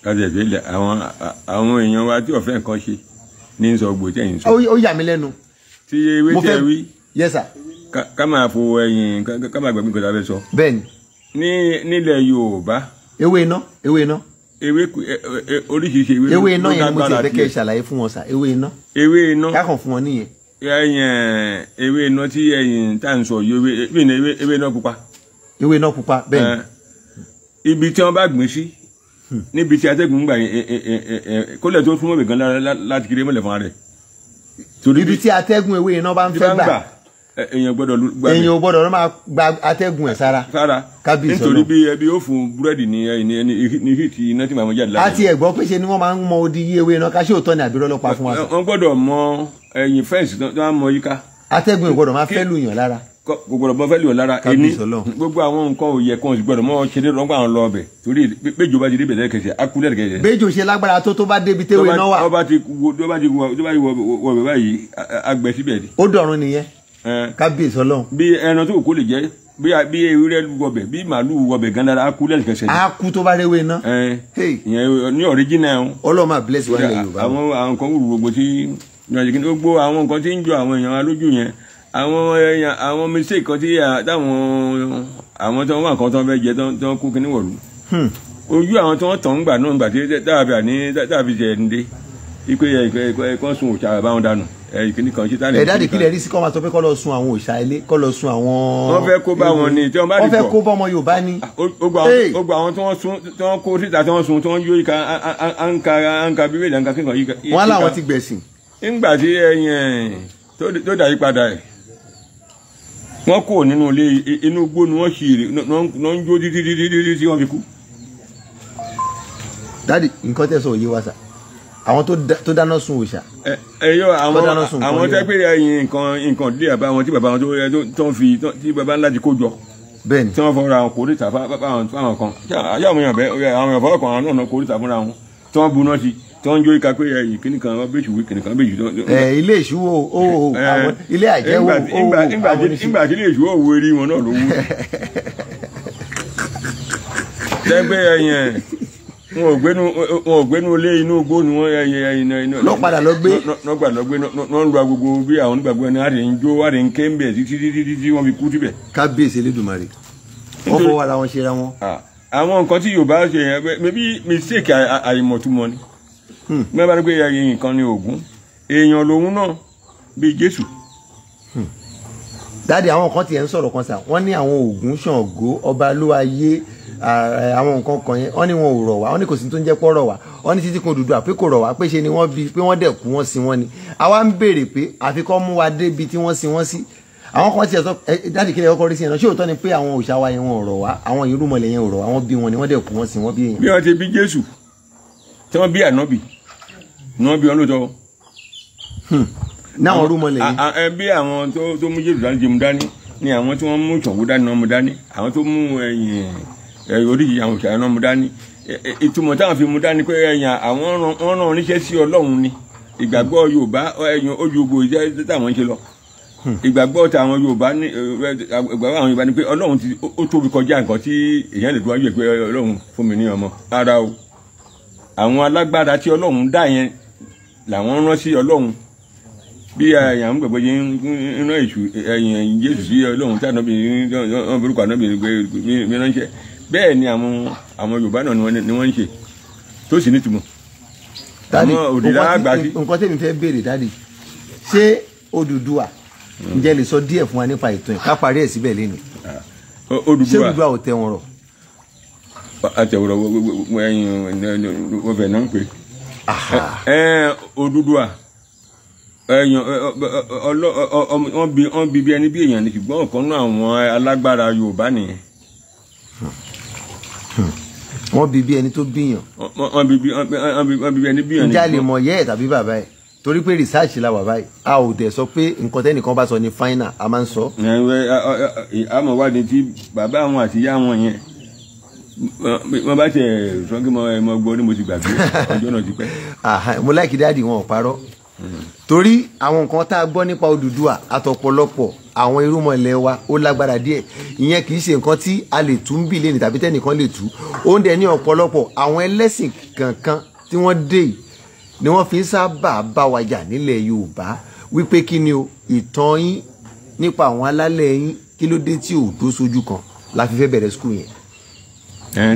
B: kájẹ̀dé lẹ àwọn àwọn èèyàn wa tí ọ̀fẹ́ nǹkan ṣe ní sọ gbòtẹ́ yìí sọ.
A: ó yà mí lẹ́nu. ti ewé tẹ
B: wí. yes sir. ká máa fo ẹyin ká máa gbàgbé nǹkan tá a fẹ́ sọ. bẹ́ẹ̀ni. ní nílẹ̀ Yorùbá. ewé iná ewé iná ewé e, e, oríṣiríṣi ewé iná ni ewé iná ewé iná kákan fún ẹyìn eh, ewé iná tí ẹyìn tá n sọ yìí ewé ewé iná pupa.
A: ewé iná pupa bẹ́ẹ̀ ni.
B: Eh, ibi tí wọ́n bá gbìn sí hmm. níbi tí atẹ́gùn gbà eh, kólẹ̀ tó súnmọ́ ibìkan láti kiri mọ́lẹ̀ fún ara rẹ̀. ibi
A: tí atẹ́gùn ewé iná bá ń fẹ́ gbà
B: èèyàn gbọ́dọ̀ gbàgbé èèyàn
A: gbọ́dọ̀ máa gba atẹ́gùn ẹ̀
B: sára sára kábíyèsí ọ̀nà nítorí bí ẹbí ó fún búrẹ́dì ní ní hìtì iná tí màmú jáde láàyè. àti
A: ẹ̀gbọ́n pé ṣe ni wọ́n máa ń mọ odi iye ewé náà káṣí òótọ́ ni àbí rọ́lọ́ pa fún wa.
B: wọ́n gbọ́dọ̀ mọ ẹ̀yìn fẹ́ǹsì tó wọ́n mọ yíká. atẹ́gùn
A: gbọ́dọ̀ máa fẹ́ lùyàn lára.
B: gbọ́dọ̀ mọ fẹ́ lùyàn lára ẹni gbogbo àwọn nǹkan òye kan gbọ́dọ̀ mọ ṣe dé rọ́gbà lọ ọbẹ̀ torí bẹ́jọ bá ti dé bẹ̀rẹ̀ kẹsẹ̀ akúlẹ̀ kẹsẹ̀. bẹ́jọ
A: ṣe lágbára tó tó bá débi téwé náà
B: wà. tó bá ti wọ ọbẹ̀ báyìí agbẹ síbẹ̀ ni. ó dọ̀run nìyẹn kábíyèsí ọlọ́run. bí ẹran tó kò lè jẹ bí ewúrẹ́ wọbẹ̀ bí màálù wọbẹ̀ gan á kú lẹ́nu á kú tó bá réwé ná. ìyẹn ní ọ̀ríjìnà ọlọ́run máa bless wa yorùbá. àwọn àwọn nǹkan wúru gbogbo tí gbogbo àwọn nǹkan tí ń jọ àwọn èèyàn alójú yẹn àwọn èèyàn àwọn mistake kan tí táwọn àwọn tó ń wà kan tó ń fẹ́ jẹ tó ń kú kíní wọ̀lú. Hmm. ojú àwọn tó ń tàn ń gbà náà gbà tí dábìà ipe ẹ̀kọ́ sun òòṣà bàbá wọn dànù ìkíní kan ṣítà nìyí. ẹ̀dá ìkílẹ̀
A: rí sí kọ́ máa sọ pé kọ́ lọ sun àwọn òòṣà ilé kọ́ lọ sun àwọn. wọ́n fẹ́ kó bá wọn ni tí wọ́n bá dìbò. wọ́n fẹ́ kó bá ọmọ Yorùbá ni.
B: ó gba àwọn tí wọ́n sun tí wọ́n kó síta tí wọ́n sun tí wọ́n yóò ika ankara anka bíbélì anka kíkan yíka. wọ́n láwọn ti gbẹ̀sìn. ńgbà tí ẹyìn tó dà yí padà ẹ̀ wọ́n kò nínú ilé inú igbó ni wọ́n ṣì wọ́n ń jó dídídídí tí wọ́n fi kú. dádì
A: nǹkan tẹ̀sán òye wa sà àwọn tó dáná sun òòṣà.
B: ẹyọ àwọn àwọn tẹ pé ẹyin nǹkan nǹkan díẹ̀ bá wọn tí bàbá wọn tó yẹ tó ń fi tí bàbá ńlá ti kó jọ. bẹ́ẹ̀ni tí wọn fọwọ́ra àwọn kórìtà fáwọn kan àyà àwọn èèyàn bẹ àwọn èèyàn fọwọ́ kan àwọn náà kórìtà fúnra wọn tí wọn buná sí tí wọn jó ika pé ẹyìn kíní kan wọn bẹ́ẹ̀ ṣùwé kíní kan bẹ́ẹ̀ ṣùwé.
A: ilé ìṣúwò owó àwọn ilé àjẹ owó àwọn
B: ìgbà wọn ò gbénu wọn ò gbénu ilé inú igbó ni wọn ẹ ẹ iná iná. lọ padà lọ gbé. lọ padà lọ gbé náà ń lu agogo bí àwọn onígbàgbọ́ ni àrè ń jó àrè ń ké ń bẹ̀ títí títí títí wọ́n fi kú síbẹ̀. kábíyèsí elédùnmarè wọ́n fọwọ́
A: ara wọn ṣe ra wọn.
B: Ah, àwọn nǹkan tí yorùbá ṣe yẹn mẹbí mistake àìmọ̀túmọ̀ ni. mẹ́bàá hmm. ló gbé nǹkan ní oògùn èèyàn lòun náà bíi jésù
A: dáàdi àwọn kan tiẹ̀ ń sọ̀rọ̀ kan sà wọ́n ní àwọn Ògún Ṣàngó ọba lóayé àwọn nǹkan kan yẹn wọ́n ní wọn ò rọ̀ wá wọ́n ní kò sí tó ń jẹ́ pọ́ rọ̀ wá wọ́n ní títí kan dúdú àpé kò rọ̀ wá pé ṣe ni wọ́n bí pé wọ́n dẹ̀ kú wọ́n sí wọ́n ni àwa ń béèrè pé àfikọ́ mú wa débi tí wọ́n sí wọ́n sí àwọn kan tiẹ̀ sọ dáàdi kílẹ̀ ọkọ rí sí yẹn náà ṣé òótọ́ ni pé àwọn òòṣà wa yẹn wọn ò
B: rọ̀ wá náwọn ọdún mọlẹ yìí. a bí àwọn tó mú jésù dání jẹmu dání ni àwọn tí wọ́n mú ṣọ̀wó dání náà mú dání àwọn tó mú ẹyìn oríyìn àwọn òṣèré náà mú dání ìtumọ̀ táwọn fi mú dání pé ẹyìn àwọn wọn ràn oníṣẹ́ sí ọlọ́run ni ìgbàgbọ́ yorùbá ẹyìn ojúgbò iṣẹ́ táwọn ń ṣe lọ hmm. ìgbàgbọ́ táwọn yorùbá ní ìgbàgbọ́ àwọn yorùbá ni pé ọlọ́run ti ó tóbi kọjá nǹkan tí èèyàn lè dúwájú ẹ̀ pé ọlọ́run fún mi ní ọmọ rárá o àwọn alágbára tí ọlọ́run dá yẹn làwọn rán sí ọlọ́run bí àyàn eh, gbàgbé yín iná èṣù ẹ̀yìn eh, jésù sí ọlọ́run tí àná bìnrin náà burúkú àná bìnrin gbé mi ránṣẹ́ bẹ́ẹ̀ ni àwọn àwọn yorùbá náà ni wọ́n ń ṣe tó sì nítumọ̀. dadi nǹkan tẹ̀mí fẹ́ béèrè dadi ṣé Odùduwà hmm. ǹjẹ́
A: lè sọ díẹ̀ fún wa nípa ìtàn ẹ̀ ká parí ẹ̀ síbẹ̀ lẹ́nu ah, oh, ṣé Odùduwà ò tẹ́ wọn rọ̀.
B: àtẹ̀wọ̀rọ̀ wọ́n fẹ̀ náà ń pè eh, Odùduwà ẹyàn ọlọ wọn bi bí ẹni bí èèyàn ni ṣùgbọ́n ọ̀kan náà àwọn alágbára Yorùbá nìyẹn.
A: wọ́n bi bi ẹni tó bíyàn.
B: wọ́n bi bi bi bi bí ẹni bíyàn ni. ǹjẹ́ lè
A: mọ̀ yẹ́ ẹ̀ tàbí bàbá ẹ̀ torí pé research la wà báyìí a ò dẹ̀ sọ pé nǹkan tẹ́nìkan bá sọ ni final
B: a máa ń sọ. àmọ́ wádìí tí bàbá àwọn àti ìyá àwọn yẹn mo bá tẹ̀ sọ́kí mo gbọ́ ni mo ti gbàgbé ọjọ́ náà ti pẹ́.
A: mo láìkí dáàdì wọn ò parọ́ torí àwọn nǹkan tá a gbọ́ nípa Odùduwà àtọ̀pọ̀lọpọ̀ àwọn irúnmọlẹ̀ wa ó lágbára díẹ̀ ìyẹn kì í ṣe nǹkan tí a lè tú ń bì lẹ́nu tàbí tẹ́nìkan lè tú oúnjẹ ní ọ̀pọ̀lọpọ̀ àwọn ẹlẹ́sìn kankan tí wọ́n dé yìí ni wọ́n fi ń sábà bá wa jà nílẹ̀ Yorùbá wípé kí ni o ìtàn yín nípa àwọn alálẹ̀ yín kí ló dé tí ò dó sójú kan la fi fẹ́ bẹ̀rẹ̀ skul yẹn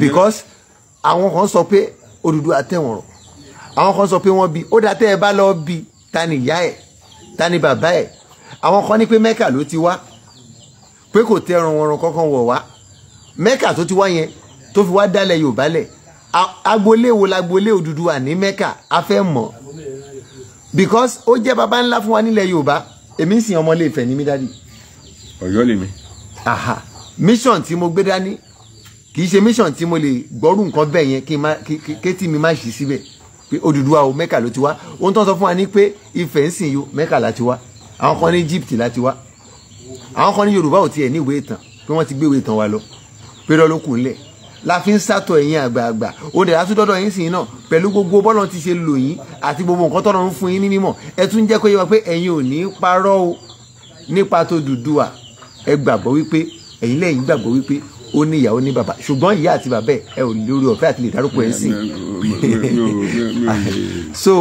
A: because àwọn kan sọ pé Odùduwà tẹ̀wọ̀n rọ̀ àwọn kan sọ pé wọ́n bi ó dá tẹ́ ẹ bá lọ bi Tani ni ìyá ẹ̀ ta ni bàbá ẹ̀ àwọn kan ní pé mẹ́kà ló ti wá pé kò tẹ ẹran wọn kankan wọ̀ wá mẹ́kà tó ti wá yẹn tó fi wá dálẹ̀ Yorùbá lẹ̀ agboolé wo lagboolé Odùduwà ní mẹ́kà a fẹ́ mọ̀ because ó jẹ́ baba ńlá fún wa nílẹ̀ Yorùbá èmi ń sìn ọmọ ilé Ifẹ̀ ní mi dádì. Ọ̀yọ́ lèmi. aha mission tí mo gbé dání kì í ṣe mission tí mo lè gbọ́rù nǹkan bẹ́ẹ̀ yẹn kí n má kí kí tí mi má ṣì síbẹ̀ pé Odùduwà o Mẹ́kà ló ti wá ohun tó ń sọ fún wa ní pé Ifẹ̀ ń sìn yìí Mẹ́kà láti wá àwọn kan ní Egypt láti wá àwọn kan ní Yorùbá ò tiẹ̀ ní ìwé ìtàn pé wọ́n ti gbé ìwé ìtàn wa lọ pé lọ́ọ́ ló kù ńlẹ̀ la fi ń sàtọ̀ ẹ̀yin àgbààgbà òde àtúndọ́dọ̀ yín sìn náà pẹ̀lú gbogbo bọ́lọ̀ ti ṣe lò yín àti gbogbo nǹkan tọ́lọ́ ń fún yín ní mímọ̀ ẹ tún jẹ́ kó yé wa pé ẹ̀yin ò ní parọ́ o nípa tó Odùduwà ẹ gbàgbọ́ wípé ẹ̀yin lẹ́yìn gbàgbọ́ wípé ó ní ìyàwó ní bàbá ṣùgbọ́n ìyá àti bàbá ẹ ò lórí ọ̀fẹ́ àti lè dárúkọ ẹ̀ sí. so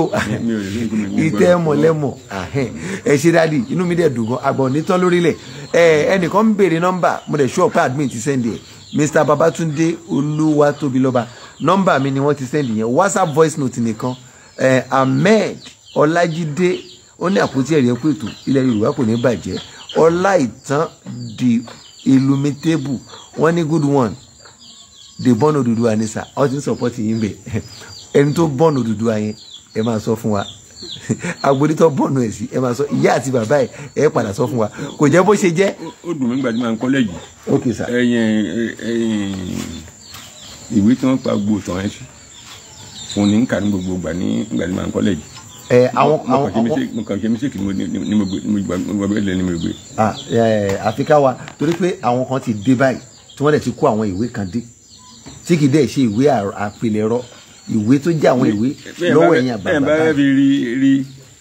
B: ìtẹ́ mọ̀lẹ́mọ̀
A: ẹ ṣe dáàdi inú mi dẹ̀ dùn gan àgbọ̀n nítán lórílẹ̀ ẹnìkan ń béèrè nọ́mbà mo dẹ̀ ṣọ́ admin ti sẹ́ndì ẹ̀ Mr Babatunde Olúwatóbilọ́ba nọ́mbà mi ni wọ́n ti sẹ́ndì yẹn WhatsApp voice note nìkan Ahmed Ọlájídé ó ní àpótí ẹ̀rí ẹ̀kú ètò ilẹ̀ Yorùbá kò ní bàjẹ́ Ọláìtàn di illumitable wọ́n ní good one the born Odùduwà ni sà ọ ti support yín be. ẹni tó born Odùduwà yẹn ẹ máa sọ fún wa agbonitọ bọ́ọ̀nù ẹ̀ sí ẹ máa sọ ìyá àti bàbá ẹ̀ ẹ padà sọ fún wa kò jẹ́ bó ṣe jẹ́.
B: ó dùn mí gbàdúrà ní kọ́lẹ́jì. ok sir. ẹyìn ìwé tí wọ́n pa gbogbo tàn ẹ́ sí fún ní kàdúgbò gbogbo gbà ní gbàdúrà ní kọ́lẹ́jì ẹ eh, àwọn àwọn àwọn. mo kàn ṣe mistake ni mo ni mo gbà mo gbà lẹ́nu mi gbé.
A: àfi ká wa torí pé àwọn kan ti dé báyìí tí wọ́n dẹ̀ ti kó àwọn ìwé kan dé tí kì í dẹ̀ ṣe ìwé àpilẹ̀rọ ìwé tó jẹ́ àwọn ìwé lọ́wọ́ ẹ̀yìn àbàbà. bẹ́ẹ̀ bá rẹ̀
B: fi rí rí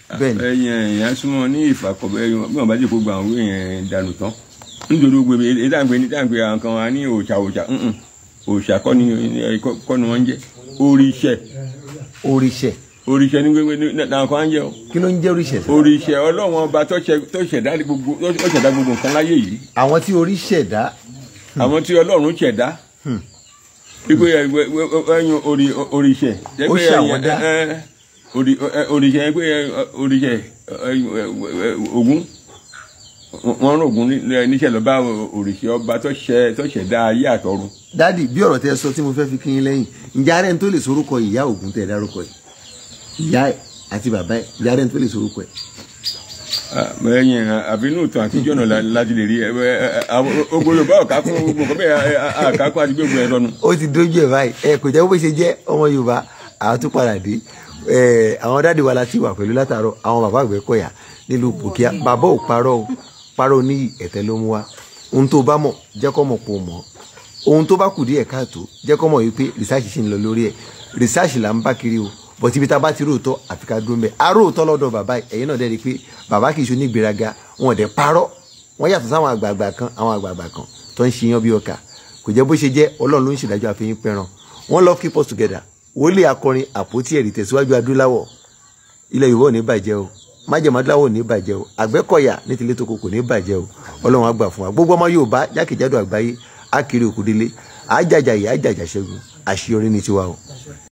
B: ah, ẹ̀yìn ẹ̀yìn asúnmọ́ ní ìfàkọ̀bẹ́ bí wọ́n bá jẹ́ kó gba àwọn ìwé yẹn dànù tán nítorí gbogbo èyí dáǹgbé ní dáǹgbé àwọn kan wa ní òòṣà òòṣà òòṣà kọ́ni kọ́ni wọ́n jẹ́ oríṣẹ́. oríṣẹ́ oríṣẹ ní wíwí nàkó ń o. kí ló ń jẹ oríṣẹ. oríṣẹ ọlọ́run ọba tó ṣẹ̀dá gbogbo tó ṣẹ̀dá gbogbo nǹkan láyé yìí. àwọn tí orí ṣẹ̀dá. àwọn tí ọlọ́run ṣẹ̀dá. pípé hmm. ẹyin orí oríṣẹ. ó ṣàwọ́dá. oríṣẹ pé oríṣẹ ogun wọn rògùn níṣẹ lọ bá oríṣẹ ọba tó ṣẹ̀dá ayé àtọ̀run. dádì bí ọ̀rọ̀
A: tẹ sọ tí mo fẹ́ fi kí yín lẹ́yìn ǹjẹ́ arẹ́ni tó lè sorúkọ ìyá ògùn tẹ̀ dárúkọ yìí ìyá ẹ̀
B: àti bàbá ẹ̀ ìyá rẹ̀ ń tó lè sorúkọ ẹ̀. Ah, ẹ̀yin ah, àbí inú ìtàn àtijọ́ náà láti lè rí eh, eh, eh, ogolo báwo ká kún gbogbo nǹkan bẹ́ẹ̀ ah, àkákó àti gbogbo ẹ̀ rọnu.
A: ó ti dójú ẹ̀ báyìí ẹ kò jẹ́ bó ṣe jẹ́ ọmọ Yorùbá àwọn tún padà dé àwọn dáàdi wa láti wà pẹ̀lú látàárọ̀ àwọn bàbá Àgbẹ̀kọ̀yà nílùú Pòkíà bàbá ò parọ́ o parọ́ ní ẹ̀tẹ́ ló mú wa ohun tó bá mọ̀ jẹ́ kó mọ̀ pò mọ́ ohun tó bá kù díẹ̀ káàtó jẹ́ kó mọ̀ wípé rìsáàṣì ṣì ń lọ lórí ẹ̀ rìsáàṣì là ń bá kiri o bọ̀tí ibi tá a bá ti róòtọ́ àfi ká dúró mẹ́ aróòtọ́ lọ́dọ̀ bàbá ẹ̀yin náà dẹ́ni pé bàbá kì í ṣe onígbéraga wọn ò dẹ̀ parọ́ wọn yàtọ̀ sáwọn àgbààgbà kan àwọn àgbààgbà kan tó ń ṣe yan bí ọkà kò jẹ́ bó ṣe jẹ́ ọlọ́run ló ń ṣèdájọ́ àfihàn pẹran wọn love keep us together wòlíì akọrin àpótí ẹ̀rí tẹ̀síwájú adúláwọ̀ ilẹ̀ yorùbá ò ní bàjẹ́ o májèmọ́ adúláwọ̀ ò ní bàjẹ́ o àgbẹ̀kọ̀yà ní tilé tó kò ní bàjẹ́ o ọlọ́run á gbà fún wa gbogbo ọmọ yorùbá jákèjádò àgbáyé á kiri